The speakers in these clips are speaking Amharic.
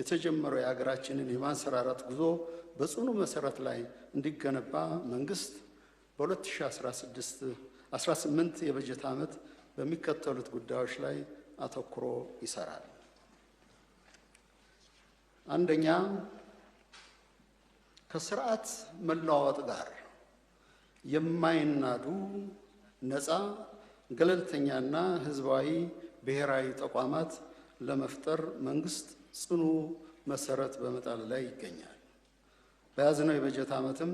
የተጀመረው የሀገራችንን የማንሰራራት ጉዞ በጽኑ መሰረት ላይ እንዲገነባ መንግስት በ2018 የበጀት ዓመት በሚከተሉት ጉዳዮች ላይ አተኩሮ ይሰራል። አንደኛ፣ ከስርዓት መለዋወጥ ጋር የማይናዱ ነፃ ገለልተኛና ህዝባዊ ብሔራዊ ተቋማት ለመፍጠር መንግስት ጽኑ መሰረት በመጣል ላይ ይገኛል። በያዝነው የበጀት ዓመትም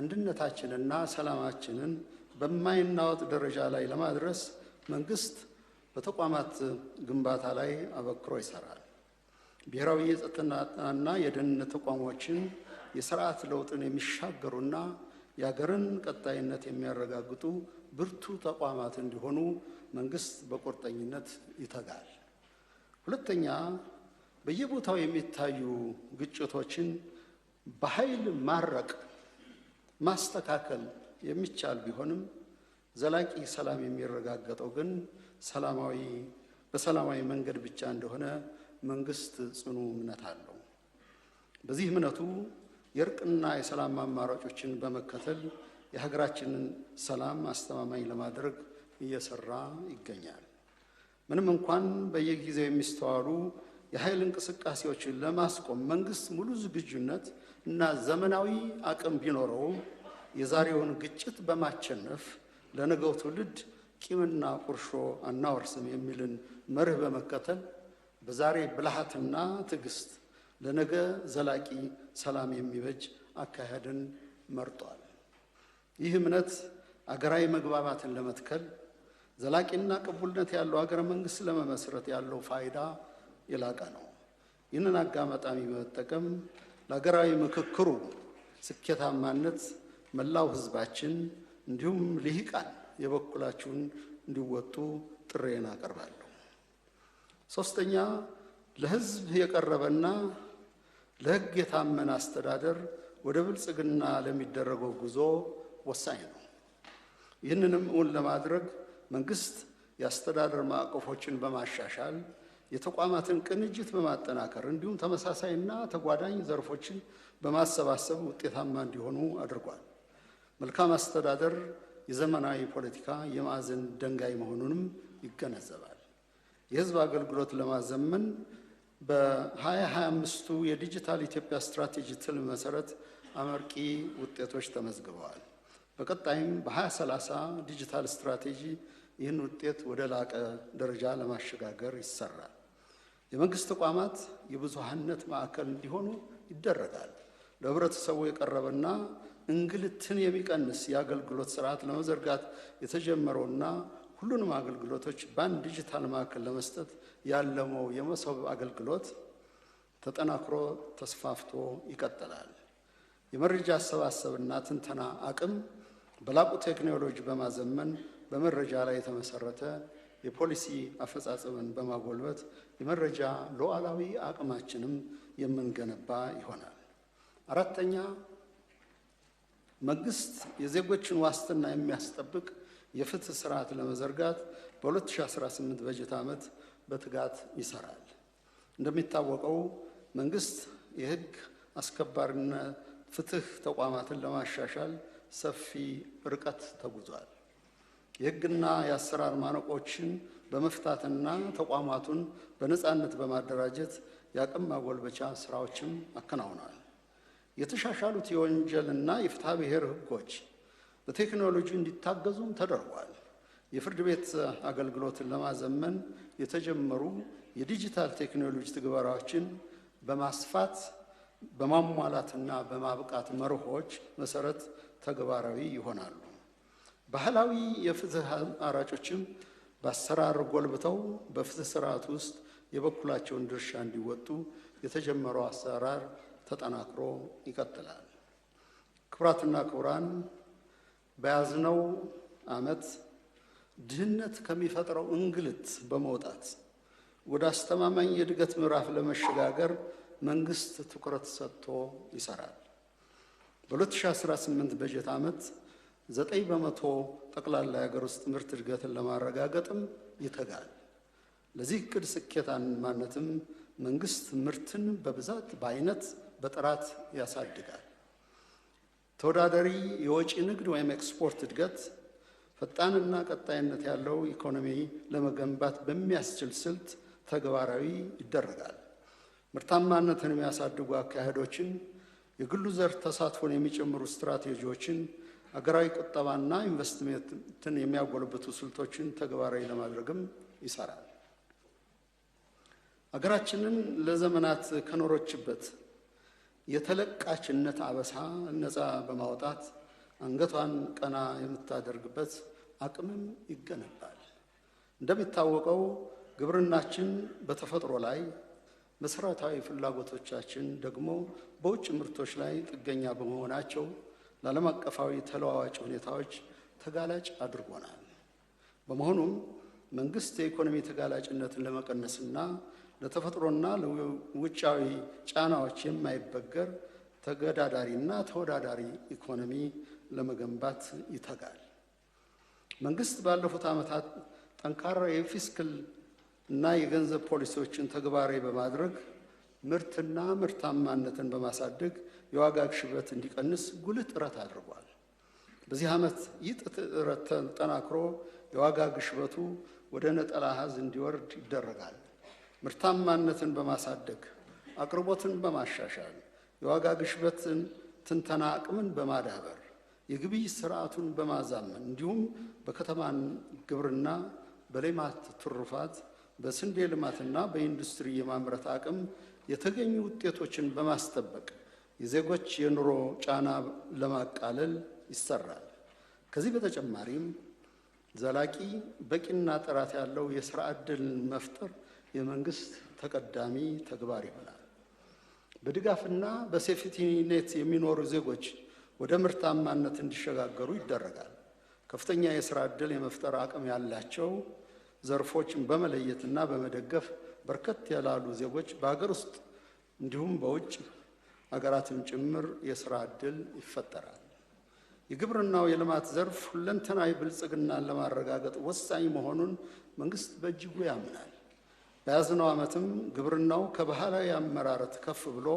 አንድነታችንና ሰላማችንን በማይናወጥ ደረጃ ላይ ለማድረስ መንግስት በተቋማት ግንባታ ላይ አበክሮ ይሰራል። ብሔራዊ የጸጥታና የደህንነት ተቋሞችን የስርዓት ለውጥን የሚሻገሩና የአገርን ቀጣይነት የሚያረጋግጡ ብርቱ ተቋማት እንዲሆኑ መንግስት በቁርጠኝነት ይተጋል። ሁለተኛ በየቦታው የሚታዩ ግጭቶችን በኃይል ማረቅ ማስተካከል የሚቻል ቢሆንም ዘላቂ ሰላም የሚረጋገጠው ግን ሰላማዊ በሰላማዊ መንገድ ብቻ እንደሆነ መንግስት ጽኑ እምነት አለው። በዚህ እምነቱ የእርቅና የሰላም አማራጮችን በመከተል የሀገራችንን ሰላም አስተማማኝ ለማድረግ እየሰራ ይገኛል። ምንም እንኳን በየጊዜው የሚስተዋሉ የኃይል እንቅስቃሴዎችን ለማስቆም መንግስት ሙሉ ዝግጁነት እና ዘመናዊ አቅም ቢኖረውም የዛሬውን ግጭት በማቸነፍ ለነገው ትውልድ ቂምና ቁርሾ አናወርስም የሚልን መርህ በመከተል በዛሬ ብልሃትና ትዕግስት ለነገ ዘላቂ ሰላም የሚበጅ አካሄድን መርጧል። ይህ እምነት አገራዊ መግባባትን ለመትከል ዘላቂና ቅቡልነት ያለው አገረ መንግስት ለመመስረት ያለው ፋይዳ የላቀ ነው። ይህንን አጋጣሚ በመጠቀም ለሀገራዊ ምክክሩ ስኬታማነት መላው ህዝባችን እንዲሁም ልሂቃን የበኩላችሁን እንዲወጡ ጥሬን አቀርባለሁ። ሶስተኛ ለህዝብ የቀረበና ለህግ የታመነ አስተዳደር ወደ ብልጽግና ለሚደረገው ጉዞ ወሳኝ ነው። ይህንንም እውን ለማድረግ መንግስት የአስተዳደር ማዕቀፎችን በማሻሻል የተቋማትን ቅንጅት በማጠናከር እንዲሁም ተመሳሳይና ተጓዳኝ ዘርፎችን በማሰባሰብ ውጤታማ እንዲሆኑ አድርጓል። መልካም አስተዳደር የዘመናዊ ፖለቲካ የማዕዘን ድንጋይ መሆኑንም ይገነዘባል። የሕዝብ አገልግሎት ለማዘመን በ2025ቱ የዲጂታል ኢትዮጵያ ስትራቴጂ ትል መሰረት አመርቂ ውጤቶች ተመዝግበዋል። በቀጣይም በ2030 ዲጂታል ስትራቴጂ ይህን ውጤት ወደ ላቀ ደረጃ ለማሸጋገር ይሰራል። የመንግስት ተቋማት የብዙሃነት ማዕከል እንዲሆኑ ይደረጋል። ለህብረተሰቡ የቀረበና እንግልትን የሚቀንስ የአገልግሎት ስርዓት ለመዘርጋት የተጀመረውና ሁሉንም አገልግሎቶች በአንድ ዲጂታል ማዕከል ለመስጠት ያለመው የመሶብ አገልግሎት ተጠናክሮ ተስፋፍቶ ይቀጥላል። የመረጃ አሰባሰብና ትንተና አቅም በላቁ ቴክኖሎጂ በማዘመን በመረጃ ላይ የተመሰረተ የፖሊሲ አፈጻጸምን በማጎልበት የመረጃ ሉዓላዊ አቅማችንም የምንገነባ ይሆናል። አራተኛ መንግስት የዜጎችን ዋስትና የሚያስጠብቅ የፍትህ ስርዓት ለመዘርጋት በ2018 በጀት ዓመት በትጋት ይሰራል። እንደሚታወቀው መንግስት የህግ አስከባሪነት ፍትህ ተቋማትን ለማሻሻል ሰፊ ርቀት ተጉዟል። የህግና የአሰራር ማነቆችን በመፍታትና ተቋማቱን በነፃነት በማደራጀት የአቅም ማጎልበቻ ስራዎችም አከናውኗል። የተሻሻሉት የወንጀልና የፍትሐ ብሔር ህጎች በቴክኖሎጂ እንዲታገዙም ተደርጓል። የፍርድ ቤት አገልግሎትን ለማዘመን የተጀመሩ የዲጂታል ቴክኖሎጂ ትግበራዎችን በማስፋት በማሟላትና በማብቃት መርሆች መሰረት ተግባራዊ ይሆናሉ። ባህላዊ የፍትህ አማራጮችም በአሰራር ጎልብተው በፍትህ ስርዓት ውስጥ የበኩላቸውን ድርሻ እንዲወጡ የተጀመረው አሰራር ተጠናክሮ ይቀጥላል። ክቡራትና ክቡራን፣ በያዝነው ዓመት ድህነት ከሚፈጥረው እንግልት በመውጣት ወደ አስተማማኝ የእድገት ምዕራፍ ለመሸጋገር መንግስት ትኩረት ሰጥቶ ይሰራል። በ2018 በጀት ዓመት ዘጠኝ በመቶ ጠቅላላ የሀገር ውስጥ ምርት እድገትን ለማረጋገጥም ይተጋል። ለዚህ እቅድ ስኬታማነትም መንግስት ምርትን በብዛት በአይነት፣ በጥራት ያሳድጋል። ተወዳዳሪ የወጪ ንግድ ወይም ኤክስፖርት እድገት ፈጣንና ቀጣይነት ያለው ኢኮኖሚ ለመገንባት በሚያስችል ስልት ተግባራዊ ይደረጋል። ምርታማነትን የሚያሳድጉ አካሄዶችን፣ የግሉ ዘርፍ ተሳትፎን የሚጨምሩ ስትራቴጂዎችን አገራዊ ቁጠባና ኢንቨስትመንትን የሚያጎለብቱ ስልቶችን ተግባራዊ ለማድረግም ይሰራል። ሀገራችንን ለዘመናት ከኖረችበት የተለቃችነት አበሳ ነፃ በማውጣት አንገቷን ቀና የምታደርግበት አቅምም ይገነባል። እንደሚታወቀው ግብርናችን በተፈጥሮ ላይ መሰረታዊ ፍላጎቶቻችን ደግሞ በውጭ ምርቶች ላይ ጥገኛ በመሆናቸው ለዓለም አቀፋዊ ተለዋዋጭ ሁኔታዎች ተጋላጭ አድርጎናል። በመሆኑም መንግስት የኢኮኖሚ ተጋላጭነትን ለመቀነስና ለተፈጥሮና ለውጫዊ ጫናዎች የማይበገር ተገዳዳሪና ተወዳዳሪ ኢኮኖሚ ለመገንባት ይተጋል። መንግስት ባለፉት ዓመታት ጠንካራ የፊስክል እና የገንዘብ ፖሊሲዎችን ተግባራዊ በማድረግ ምርትና ምርታማነትን በማሳደግ የዋጋ ግሽበት እንዲቀንስ ጉልህ ጥረት አድርጓል። በዚህ ዓመት ይህ ጥረት ተጠናክሮ የዋጋ ግሽበቱ ወደ ነጠላ አሃዝ እንዲወርድ ይደረጋል። ምርታማነትን በማሳደግ አቅርቦትን በማሻሻል የዋጋ ግሽበትን ትንተና አቅምን በማዳበር የግብይት ስርዓቱን በማዛመን እንዲሁም በከተማን ግብርና፣ በሌማት ትሩፋት፣ በስንዴ ልማትና በኢንዱስትሪ የማምረት አቅም የተገኙ ውጤቶችን በማስጠበቅ የዜጎች የኑሮ ጫና ለማቃለል ይሰራል። ከዚህ በተጨማሪም ዘላቂ በቂና ጥራት ያለው የስራ ዕድል መፍጠር የመንግስት ተቀዳሚ ተግባር ይሆናል። በድጋፍና በሴፍቲኔት የሚኖሩ ዜጎች ወደ ምርታማነት እንዲሸጋገሩ ይደረጋል። ከፍተኛ የስራ ዕድል የመፍጠር አቅም ያላቸው ዘርፎችን በመለየትና በመደገፍ በርከት ያላሉ ዜጎች በሀገር ውስጥ እንዲሁም በውጭ አገራትም ጭምር የስራ ዕድል ይፈጠራል። የግብርናው የልማት ዘርፍ ሁለንተናዊ ብልጽግናን ለማረጋገጥ ወሳኝ መሆኑን መንግስት በእጅጉ ያምናል። በያዝነው ዓመትም ግብርናው ከባህላዊ አመራረት ከፍ ብሎ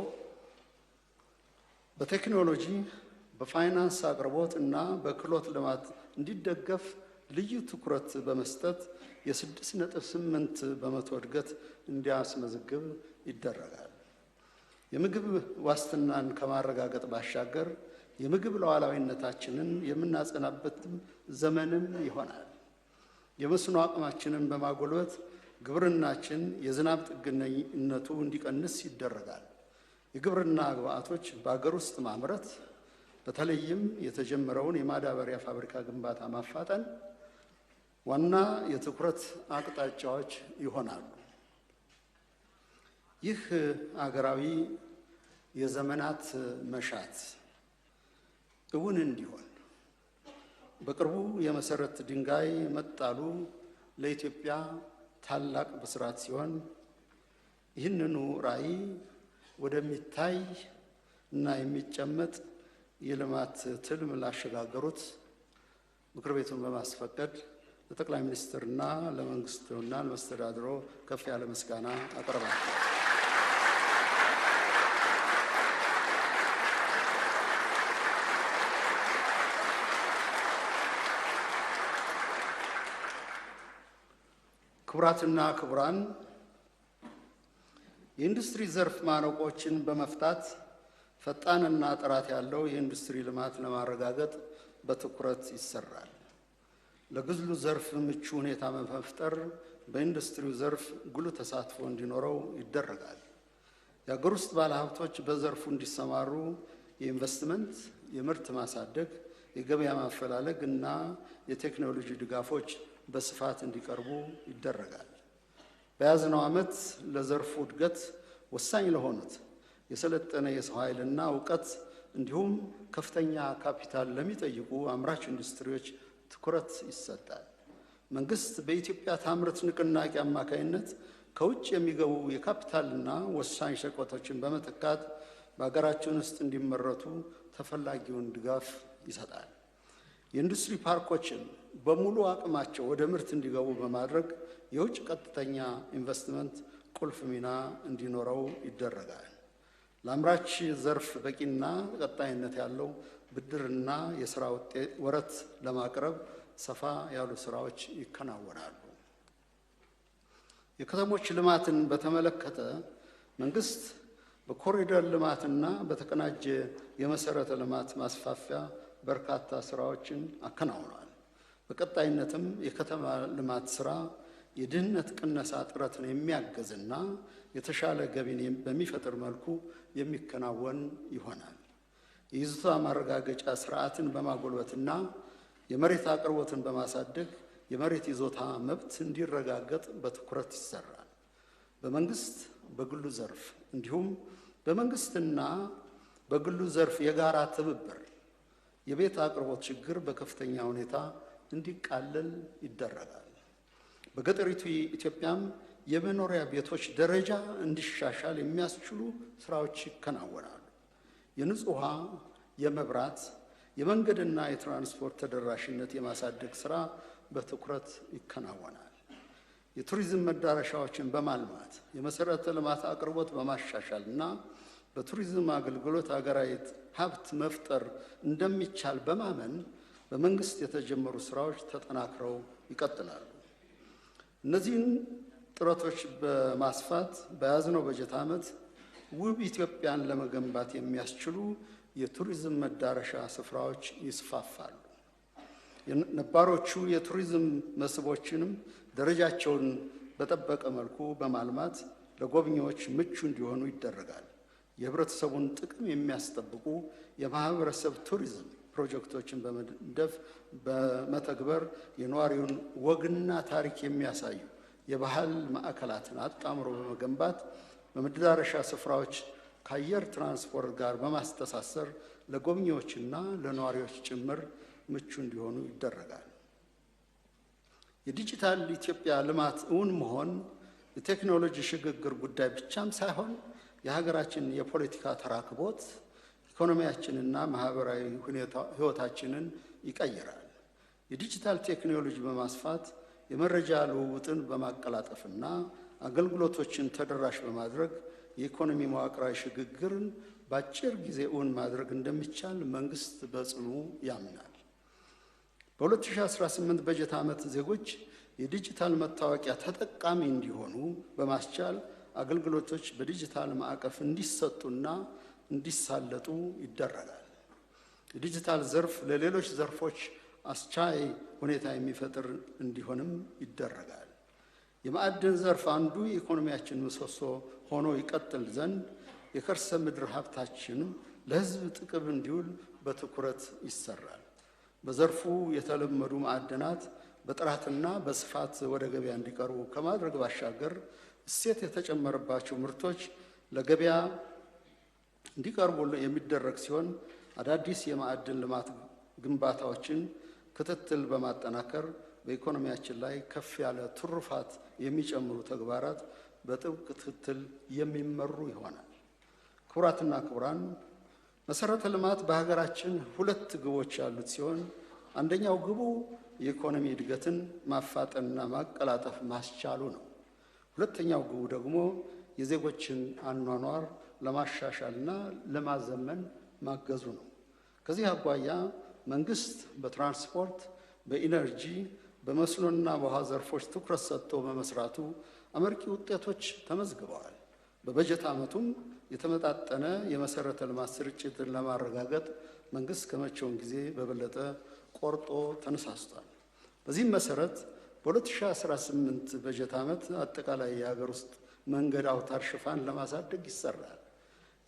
በቴክኖሎጂ፣ በፋይናንስ አቅርቦት እና በክህሎት ልማት እንዲደገፍ ልዩ ትኩረት በመስጠት የስድስት ነጥብ ስምንት በመቶ እድገት እንዲያስመዘግብ ይደረጋል። የምግብ ዋስትናን ከማረጋገጥ ባሻገር የምግብ ሉዓላዊነታችንን የምናጸናበትም ዘመንም ይሆናል። የመስኖ አቅማችንን በማጎልበት ግብርናችን የዝናብ ጥገኝነቱ እንዲቀንስ ይደረጋል። የግብርና ግብዓቶች በአገር ውስጥ ማምረት በተለይም የተጀመረውን የማዳበሪያ ፋብሪካ ግንባታ ማፋጠን ዋና የትኩረት አቅጣጫዎች ይሆናሉ። ይህ አገራዊ የዘመናት መሻት እውን እንዲሆን በቅርቡ የመሰረት ድንጋይ መጣሉ ለኢትዮጵያ ታላቅ ብስራት ሲሆን ይህንኑ ራዕይ ወደሚታይ እና የሚጨመጥ የልማት ትልም ላሸጋገሩት ምክር ቤቱን በማስፈቀድ ለጠቅላይ ሚኒስትርና ለመንግስቱና ለመስተዳድሮ ከፍ ያለ ምስጋና አቀርባለሁ። ክቡራትና ክቡራን የኢንዱስትሪ ዘርፍ ማነቆችን በመፍታት ፈጣንና ጥራት ያለው የኢንዱስትሪ ልማት ለማረጋገጥ በትኩረት ይሰራል። ለግሉ ዘርፍ ምቹ ሁኔታ በመፍጠር በኢንዱስትሪው ዘርፍ ጉልህ ተሳትፎ እንዲኖረው ይደረጋል። የአገር ውስጥ ባለሀብቶች በዘርፉ እንዲሰማሩ የኢንቨስትመንት፣ የምርት ማሳደግ፣ የገበያ ማፈላለግ እና የቴክኖሎጂ ድጋፎች በስፋት እንዲቀርቡ ይደረጋል። በያዝነው ዓመት ለዘርፉ እድገት ወሳኝ ለሆኑት የሰለጠነ የሰው ኃይልና እውቀት እንዲሁም ከፍተኛ ካፒታል ለሚጠይቁ አምራች ኢንዱስትሪዎች ትኩረት ይሰጣል። መንግስት በኢትዮጵያ ታምርት ንቅናቄ አማካይነት ከውጭ የሚገቡ የካፒታልና ወሳኝ ሸቀጦችን በመተካት በሀገራችን ውስጥ እንዲመረቱ ተፈላጊውን ድጋፍ ይሰጣል። የኢንዱስትሪ ፓርኮችን በሙሉ አቅማቸው ወደ ምርት እንዲገቡ በማድረግ የውጭ ቀጥተኛ ኢንቨስትመንት ቁልፍ ሚና እንዲኖረው ይደረጋል። ለአምራች ዘርፍ በቂና ቀጣይነት ያለው ብድርና የስራ ውጤት ወረት ለማቅረብ ሰፋ ያሉ ስራዎች ይከናወናሉ። የከተሞች ልማትን በተመለከተ መንግስት በኮሪደር ልማትና በተቀናጀ የመሰረተ ልማት ማስፋፊያ በርካታ ስራዎችን አከናውኗል። በቀጣይነትም የከተማ ልማት ስራ የድህነት ቅነሳ ጥረትን የሚያግዝና የተሻለ ገቢን በሚፈጥር መልኩ የሚከናወን ይሆናል። የይዞታ ማረጋገጫ ስርዓትን በማጎልበትና የመሬት አቅርቦትን በማሳደግ የመሬት ይዞታ መብት እንዲረጋገጥ በትኩረት ይሰራል። በመንግስት በግሉ ዘርፍ እንዲሁም በመንግስትና በግሉ ዘርፍ የጋራ ትብብር የቤት አቅርቦት ችግር በከፍተኛ ሁኔታ እንዲቃለል ይደረጋል። በገጠሪቱ ኢትዮጵያም የመኖሪያ ቤቶች ደረጃ እንዲሻሻል የሚያስችሉ ስራዎች ይከናወናሉ። የንጹህ ውሃ፣ የመብራት፣ የመንገድና የትራንስፖርት ተደራሽነት የማሳደግ ስራ በትኩረት ይከናወናል። የቱሪዝም መዳረሻዎችን በማልማት የመሰረተ ልማት አቅርቦት በማሻሻል እና በቱሪዝም አገልግሎት ሀገራዊ ሀብት መፍጠር እንደሚቻል በማመን በመንግስት የተጀመሩ ስራዎች ተጠናክረው ይቀጥላሉ። እነዚህን ጥረቶች በማስፋት በያዝነው በጀት ዓመት ውብ ኢትዮጵያን ለመገንባት የሚያስችሉ የቱሪዝም መዳረሻ ስፍራዎች ይስፋፋሉ። ነባሮቹ የቱሪዝም መስህቦችንም ደረጃቸውን በጠበቀ መልኩ በማልማት ለጎብኚዎች ምቹ እንዲሆኑ ይደረጋል። የህብረተሰቡን ጥቅም የሚያስጠብቁ የማህበረሰብ ቱሪዝም ፕሮጀክቶችን በመደፍ በመተግበር የነዋሪውን ወግና ታሪክ የሚያሳዩ የባህል ማዕከላትን አጣምሮ በመገንባት በመዳረሻ ስፍራዎች ከአየር ትራንስፖርት ጋር በማስተሳሰር ለጎብኚዎችና ለነዋሪዎች ጭምር ምቹ እንዲሆኑ ይደረጋል። የዲጂታል ኢትዮጵያ ልማት እውን መሆን የቴክኖሎጂ ሽግግር ጉዳይ ብቻም ሳይሆን የሀገራችን የፖለቲካ ተራክቦት ኢኮኖሚያችንና ማህበራዊ ሕይወታችንን ይቀይራል። የዲጂታል ቴክኖሎጂ በማስፋት የመረጃ ልውውጥን በማቀላጠፍና አገልግሎቶችን ተደራሽ በማድረግ የኢኮኖሚ መዋቅራዊ ሽግግርን በአጭር ጊዜ እውን ማድረግ እንደሚቻል መንግስት በጽኑ ያምናል። በ2018 በጀት ዓመት ዜጎች የዲጂታል መታወቂያ ተጠቃሚ እንዲሆኑ በማስቻል አገልግሎቶች በዲጂታል ማዕቀፍ እንዲሰጡና እንዲሳለጡ ይደረጋል። የዲጂታል ዘርፍ ለሌሎች ዘርፎች አስቻይ ሁኔታ የሚፈጥር እንዲሆንም ይደረጋል። የማዕድን ዘርፍ አንዱ የኢኮኖሚያችን ምሰሶ ሆኖ ይቀጥል ዘንድ የከርሰ ምድር ሀብታችንም ለሕዝብ ጥቅም እንዲውል በትኩረት ይሰራል። በዘርፉ የተለመዱ ማዕድናት በጥራትና በስፋት ወደ ገበያ እንዲቀርቡ ከማድረግ ባሻገር እሴት የተጨመረባቸው ምርቶች ለገበያ እንዲቀርቡ የሚደረግ ሲሆን አዳዲስ የማዕድን ልማት ግንባታዎችን ክትትል በማጠናከር በኢኮኖሚያችን ላይ ከፍ ያለ ትሩፋት የሚጨምሩ ተግባራት በጥብቅ ክትትል የሚመሩ ይሆናል። ክቡራትና ክቡራን፣ መሰረተ ልማት በሀገራችን ሁለት ግቦች ያሉት ሲሆን አንደኛው ግቡ የኢኮኖሚ እድገትን ማፋጠንና ማቀላጠፍ ማስቻሉ ነው። ሁለተኛው ግቡ ደግሞ የዜጎችን አኗኗር ለማሻሻልና ለማዘመን ማገዙ ነው። ከዚህ አኳያ መንግስት በትራንስፖርት፣ በኢነርጂ በመስኖና በውሃ ዘርፎች ትኩረት ሰጥቶ በመስራቱ አመርቂ ውጤቶች ተመዝግበዋል። በበጀት ዓመቱም የተመጣጠነ የመሰረተ ልማት ስርጭትን ለማረጋገጥ መንግስት ከመቼውን ጊዜ በበለጠ ቆርጦ ተነሳስቷል። በዚህም መሰረት በ2018 በጀት ዓመት አጠቃላይ የሀገር ውስጥ መንገድ አውታር ሽፋን ለማሳደግ ይሰራል።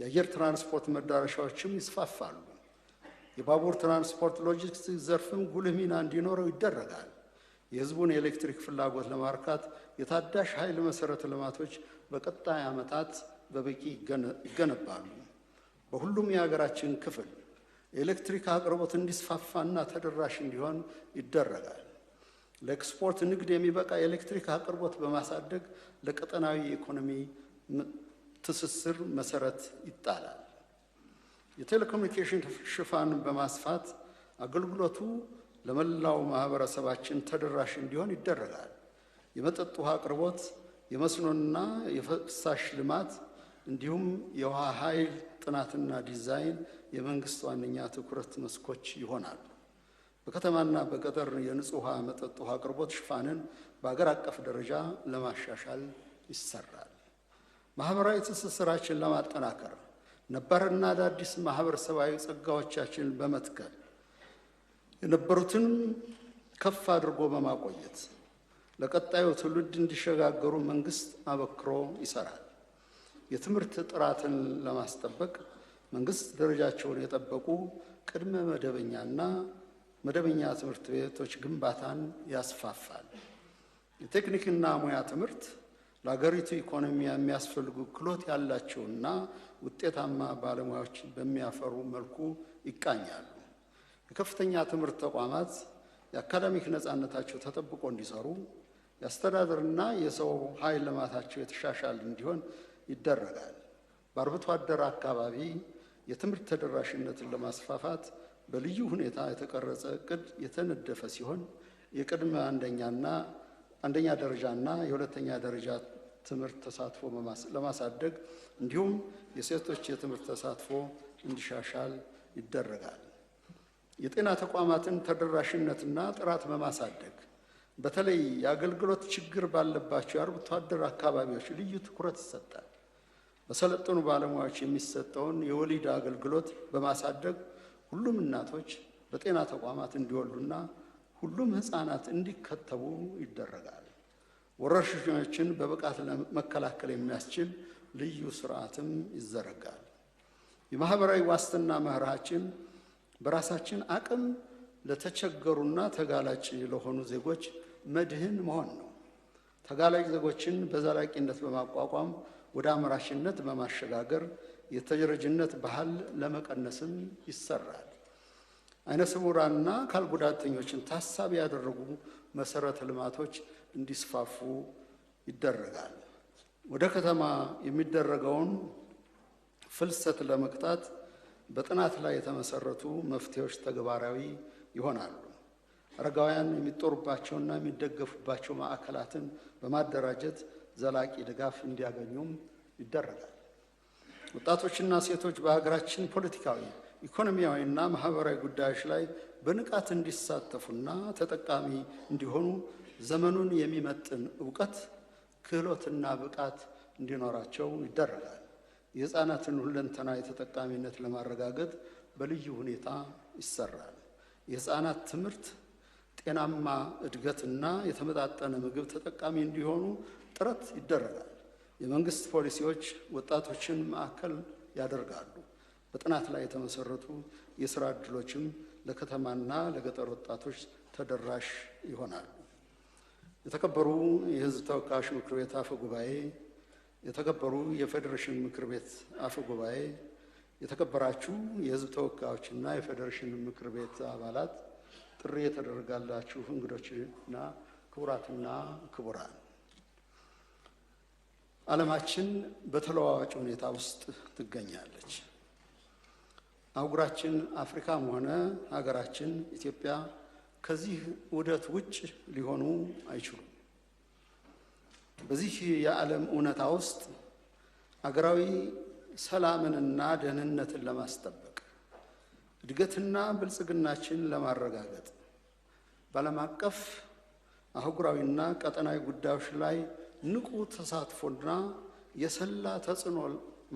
የአየር ትራንስፖርት መዳረሻዎችም ይስፋፋሉ። የባቡር ትራንስፖርት ሎጂስቲክስ ዘርፍም ጉልህ ሚና እንዲኖረው ይደረጋል። የህዝቡን የኤሌክትሪክ ፍላጎት ለማርካት የታዳሽ ኃይል መሰረተ ልማቶች በቀጣይ ዓመታት በበቂ ይገነባሉ። በሁሉም የሀገራችን ክፍል የኤሌክትሪክ አቅርቦት እንዲስፋፋና ተደራሽ እንዲሆን ይደረጋል። ለኤክስፖርት ንግድ የሚበቃ የኤሌክትሪክ አቅርቦት በማሳደግ ለቀጠናዊ የኢኮኖሚ ትስስር መሰረት ይጣላል። የቴሌኮሙኒኬሽን ሽፋን በማስፋት አገልግሎቱ ለመላው ማህበረሰባችን ተደራሽ እንዲሆን ይደረጋል። የመጠጥ ውሃ አቅርቦት፣ የመስኖና የፍሳሽ ልማት እንዲሁም የውሃ ኃይል ጥናትና ዲዛይን የመንግስት ዋነኛ ትኩረት መስኮች ይሆናል። በከተማና በገጠር የንጹህ ውሃ መጠጥ ውሃ አቅርቦት ሽፋንን በአገር አቀፍ ደረጃ ለማሻሻል ይሰራል። ማህበራዊ ትስስራችን ለማጠናከር ነባርና አዳዲስ ማህበረሰባዊ ጸጋዎቻችንን በመትከል የነበሩትን ከፍ አድርጎ በማቆየት ለቀጣዩ ትውልድ እንዲሸጋገሩ መንግስት አበክሮ ይሰራል። የትምህርት ጥራትን ለማስጠበቅ መንግስት ደረጃቸውን የጠበቁ ቅድመ መደበኛና መደበኛ ትምህርት ቤቶች ግንባታን ያስፋፋል። የቴክኒክና ሙያ ትምህርት ለሀገሪቱ ኢኮኖሚ የሚያስፈልጉ ክህሎት ያላቸውና ውጤታማ ባለሙያዎች በሚያፈሩ መልኩ ይቃኛሉ። የከፍተኛ ትምህርት ተቋማት የአካዳሚክ ነፃነታቸው ተጠብቆ እንዲሰሩ የአስተዳደርና የሰው ኃይል ልማታቸው የተሻሻል እንዲሆን ይደረጋል። በአርብቶ አደር አካባቢ የትምህርት ተደራሽነትን ለማስፋፋት በልዩ ሁኔታ የተቀረጸ እቅድ የተነደፈ ሲሆን የቅድመ አንደኛና አንደኛ ደረጃና የሁለተኛ ደረጃ ትምህርት ተሳትፎ ለማሳደግ እንዲሁም የሴቶች የትምህርት ተሳትፎ እንዲሻሻል ይደረጋል። የጤና ተቋማትን ተደራሽነትና ጥራት በማሳደግ በተለይ የአገልግሎት ችግር ባለባቸው የአርብቶ አደር አካባቢዎች ልዩ ትኩረት ይሰጣል። በሰለጠኑ ባለሙያዎች የሚሰጠውን የወሊድ አገልግሎት በማሳደግ ሁሉም እናቶች በጤና ተቋማት እንዲወልዱና ሁሉም ሕፃናት እንዲከተቡ ይደረጋል። ወረርሽኞችን በብቃት ለመከላከል የሚያስችል ልዩ ስርዓትም ይዘረጋል። የማህበራዊ ዋስትና መርሃችን በራሳችን አቅም ለተቸገሩና ተጋላጭ ለሆኑ ዜጎች መድህን መሆን ነው። ተጋላጭ ዜጎችን በዘላቂነት በማቋቋም ወደ አምራችነት በማሸጋገር የተረጅነት ባህል ለመቀነስም ይሰራል። አይነ ስውራንና አካል ጉዳተኞችን ታሳቢ ያደረጉ መሰረተ ልማቶች እንዲስፋፉ ይደረጋል። ወደ ከተማ የሚደረገውን ፍልሰት ለመግታት በጥናት ላይ የተመሰረቱ መፍትሄዎች ተግባራዊ ይሆናሉ። አረጋውያን የሚጦሩባቸውና የሚደገፉባቸው ማዕከላትን በማደራጀት ዘላቂ ድጋፍ እንዲያገኙም ይደረጋል። ወጣቶችና ሴቶች በሀገራችን ፖለቲካዊ፣ ኢኮኖሚያዊና ማህበራዊ ጉዳዮች ላይ በንቃት እንዲሳተፉና ተጠቃሚ እንዲሆኑ ዘመኑን የሚመጥን እውቀት፣ ክህሎትና ብቃት እንዲኖራቸው ይደረጋል። የህፃናትን ሁለንተና ተጠቃሚነት ለማረጋገጥ በልዩ ሁኔታ ይሰራል። የህፃናት ትምህርት፣ ጤናማ እድገትና የተመጣጠነ ምግብ ተጠቃሚ እንዲሆኑ ጥረት ይደረጋል። የመንግስት ፖሊሲዎች ወጣቶችን ማዕከል ያደርጋሉ። በጥናት ላይ የተመሰረቱ የስራ እድሎችም ለከተማና ለገጠር ወጣቶች ተደራሽ ይሆናሉ። የተከበሩ የህዝብ ተወካዮች ምክር ቤት አፈ ጉባኤ የተከበሩ የፌዴሬሽን ምክር ቤት አፈ ጉባኤ፣ የተከበራችሁ የህዝብ ተወካዮችና የፌዴሬሽን ምክር ቤት አባላት፣ ጥሪ የተደረጋላችሁ እንግዶችና ክቡራትና ክቡራን፣ ዓለማችን በተለዋዋጭ ሁኔታ ውስጥ ትገኛለች። አህጉራችን አፍሪካም ሆነ ሀገራችን ኢትዮጵያ ከዚህ ውደት ውጭ ሊሆኑ አይችሉም። በዚህ የዓለም እውነታ ውስጥ አገራዊ ሰላምንና ደህንነትን ለማስጠበቅ እድገትና ብልጽግናችን ለማረጋገጥ በዓለም አቀፍ አህጉራዊና ቀጠናዊ ጉዳዮች ላይ ንቁ ተሳትፎና የሰላ ተጽዕኖ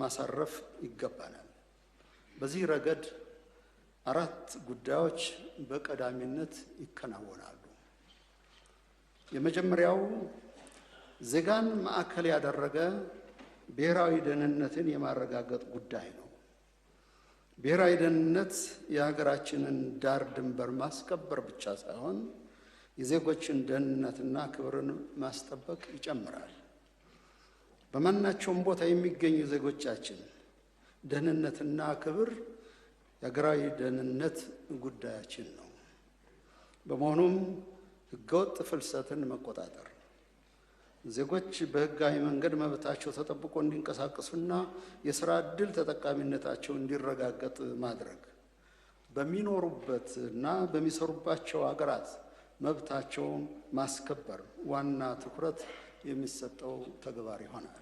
ማሳረፍ ይገባናል። በዚህ ረገድ አራት ጉዳዮች በቀዳሚነት ይከናወናሉ። የመጀመሪያው ዜጋን ማዕከል ያደረገ ብሔራዊ ደህንነትን የማረጋገጥ ጉዳይ ነው። ብሔራዊ ደህንነት የሀገራችንን ዳር ድንበር ማስከበር ብቻ ሳይሆን የዜጎችን ደህንነትና ክብርን ማስጠበቅ ይጨምራል። በማናቸውም ቦታ የሚገኙ ዜጎቻችን ደህንነትና ክብር የሀገራዊ ደህንነት ጉዳያችን ነው። በመሆኑም ሕገወጥ ፍልሰትን መቆጣጠር ዜጎች በህጋዊ መንገድ መብታቸው ተጠብቆ እንዲንቀሳቀሱና የስራ ዕድል ተጠቃሚነታቸው እንዲረጋገጥ ማድረግ በሚኖሩበት እና በሚሰሩባቸው አገራት መብታቸውን ማስከበር ዋና ትኩረት የሚሰጠው ተግባር ይሆናል።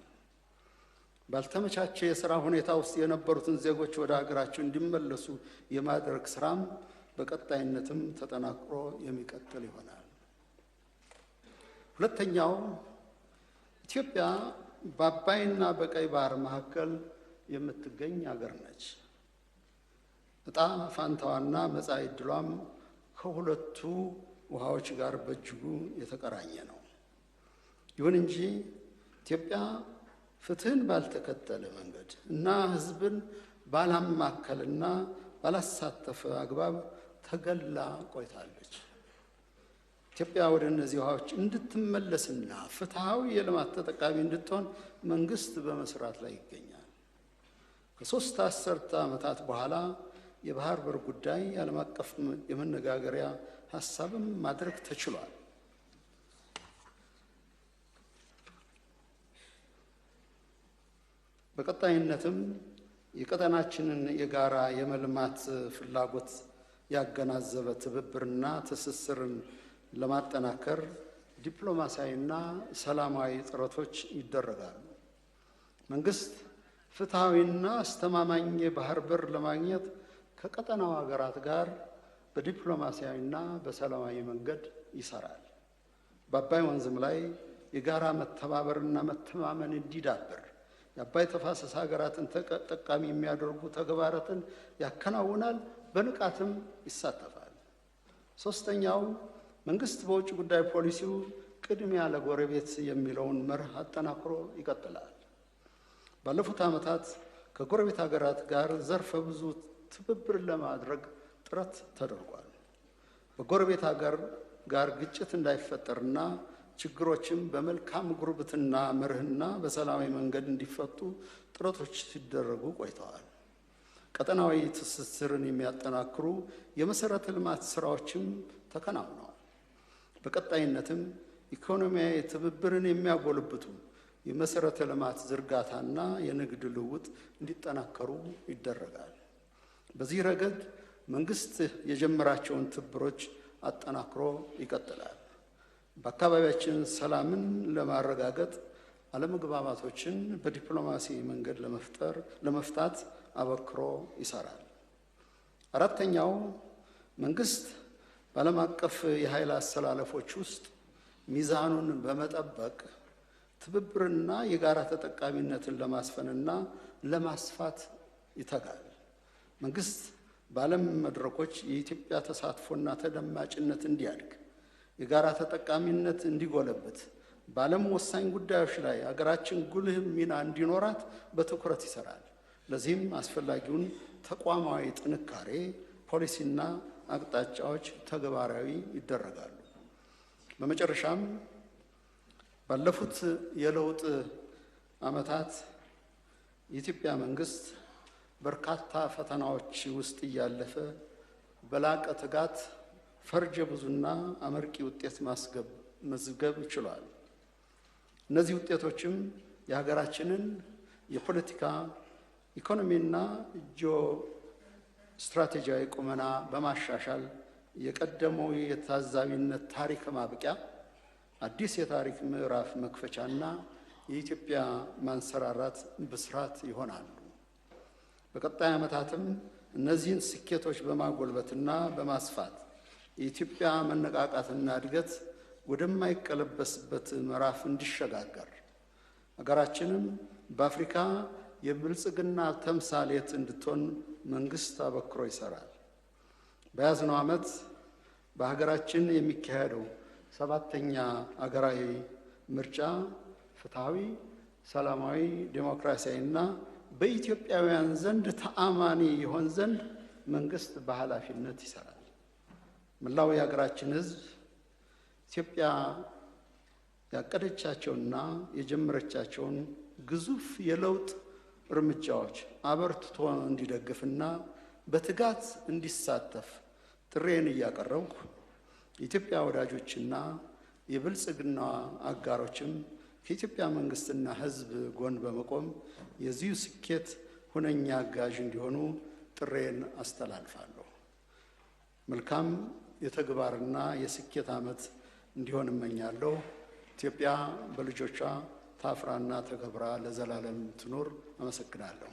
ባልተመቻቸ የሥራ ሁኔታ ውስጥ የነበሩትን ዜጎች ወደ ሀገራቸው እንዲመለሱ የማድረግ ሥራም በቀጣይነትም ተጠናክሮ የሚቀጥል ይሆናል። ሁለተኛው ኢትዮጵያ በአባይና በቀይ ባህር መካከል የምትገኝ አገር ነች። በጣም ፋንታዋና መጻኢ ዕድሏም ከሁለቱ ውሃዎች ጋር በእጅጉ የተቀራኘ ነው። ይሁን እንጂ ኢትዮጵያ ፍትህን ባልተከተለ መንገድ እና ሕዝብን ባላማከልና ባላሳተፈ አግባብ ተገላ ቆይታለች። ኢትዮጵያ ወደ እነዚህ ውሃዎች እንድትመለስና ፍትሐዊ የልማት ተጠቃሚ እንድትሆን መንግስት በመስራት ላይ ይገኛል። ከሶስት አስርተ ዓመታት በኋላ የባህር በር ጉዳይ ዓለም አቀፍ የመነጋገሪያ ሀሳብም ማድረግ ተችሏል። በቀጣይነትም የቀጠናችንን የጋራ የመልማት ፍላጎት ያገናዘበ ትብብርና ትስስርን ለማጠናከር ዲፕሎማሲያዊና ሰላማዊ ጥረቶች ይደረጋሉ። መንግስት ፍትሐዊና አስተማማኝ የባህር በር ለማግኘት ከቀጠናው ሀገራት ጋር በዲፕሎማሲያዊና በሰላማዊ መንገድ ይሰራል። በአባይ ወንዝም ላይ የጋራ መተባበርና መተማመን እንዲዳብር የአባይ ተፋሰስ ሀገራትን ተጠቃሚ የሚያደርጉ ተግባራትን ያከናውናል፣ በንቃትም ይሳተፋል። ሶስተኛውም መንግስት በውጭ ጉዳይ ፖሊሲው ቅድሚያ ለጎረቤት የሚለውን መርህ አጠናክሮ ይቀጥላል። ባለፉት ዓመታት ከጎረቤት ሀገራት ጋር ዘርፈ ብዙ ትብብር ለማድረግ ጥረት ተደርጓል። በጎረቤት ሀገር ጋር ግጭት እንዳይፈጠርና ችግሮችም በመልካም ጉርብትና መርህና በሰላማዊ መንገድ እንዲፈቱ ጥረቶች ሲደረጉ ቆይተዋል። ቀጠናዊ ትስስርን የሚያጠናክሩ የመሰረተ ልማት ስራዎችም ተከናውነዋል። በቀጣይነትም ኢኮኖሚያዊ ትብብርን የሚያጎልብቱ የመሰረተ ልማት ዝርጋታና የንግድ ልውውጥ እንዲጠናከሩ ይደረጋል። በዚህ ረገድ መንግስት የጀመራቸውን ትብብሮች አጠናክሮ ይቀጥላል። በአካባቢያችን ሰላምን ለማረጋገጥ አለመግባባቶችን በዲፕሎማሲ መንገድ ለመፍጠር ለመፍታት አበክሮ ይሰራል። አራተኛው መንግስት በዓለም አቀፍ የኃይል አሰላለፎች ውስጥ ሚዛኑን በመጠበቅ ትብብርና የጋራ ተጠቃሚነትን ለማስፈንና ለማስፋት ይተጋል። መንግስት በዓለም መድረኮች የኢትዮጵያ ተሳትፎና ተደማጭነት እንዲያድግ፣ የጋራ ተጠቃሚነት እንዲጎለብት፣ በዓለም ወሳኝ ጉዳዮች ላይ አገራችን ጉልህ ሚና እንዲኖራት በትኩረት ይሰራል። ለዚህም አስፈላጊውን ተቋማዊ ጥንካሬ ፖሊሲና አቅጣጫዎች ተግባራዊ ይደረጋሉ። በመጨረሻም ባለፉት የለውጥ ዓመታት የኢትዮጵያ መንግስት በርካታ ፈተናዎች ውስጥ እያለፈ በላቀ ትጋት ፈርጀ ብዙና አመርቂ ውጤት ማስመዝገብ ችሏል። እነዚህ ውጤቶችም የሀገራችንን የፖለቲካ ኢኮኖሚና ጂኦ ስትራቴጂያዊ ቁመና በማሻሻል የቀደመው የታዛቢነት ታሪክ ማብቂያ አዲስ የታሪክ ምዕራፍ መክፈቻና የኢትዮጵያ ማንሰራራት ብስራት ይሆናሉ። በቀጣይ ዓመታትም እነዚህን ስኬቶች በማጎልበትና በማስፋት የኢትዮጵያ መነቃቃትና እድገት ወደማይቀለበስበት ምዕራፍ እንዲሸጋገር ሀገራችንም በአፍሪካ የብልጽግና ተምሳሌት እንድትሆን መንግስት አበክሮ ይሰራል። በያዝነው ዓመት በሀገራችን የሚካሄደው ሰባተኛ አገራዊ ምርጫ ፍትሐዊ፣ ሰላማዊ፣ ዴሞክራሲያዊ እና በኢትዮጵያውያን ዘንድ ተአማኒ ይሆን ዘንድ መንግስት በኃላፊነት ይሰራል። መላው የሀገራችን ህዝብ ኢትዮጵያ ያቀደቻቸውና የጀመረቻቸውን ግዙፍ የለውጥ እርምጃዎች አበርትቶ እንዲደግፍና በትጋት እንዲሳተፍ ጥሬን እያቀረብኩ የኢትዮጵያ ወዳጆችና የብልጽግና አጋሮችም ከኢትዮጵያ መንግስትና ሕዝብ ጎን በመቆም የዚሁ ስኬት ሁነኛ አጋዥ እንዲሆኑ ጥሬን አስተላልፋለሁ። መልካም የተግባርና የስኬት ዓመት እንዲሆን እመኛለሁ። ኢትዮጵያ በልጆቿ ታፍራና ተከብራ ለዘላለም ትኖር። አመሰግናለሁ።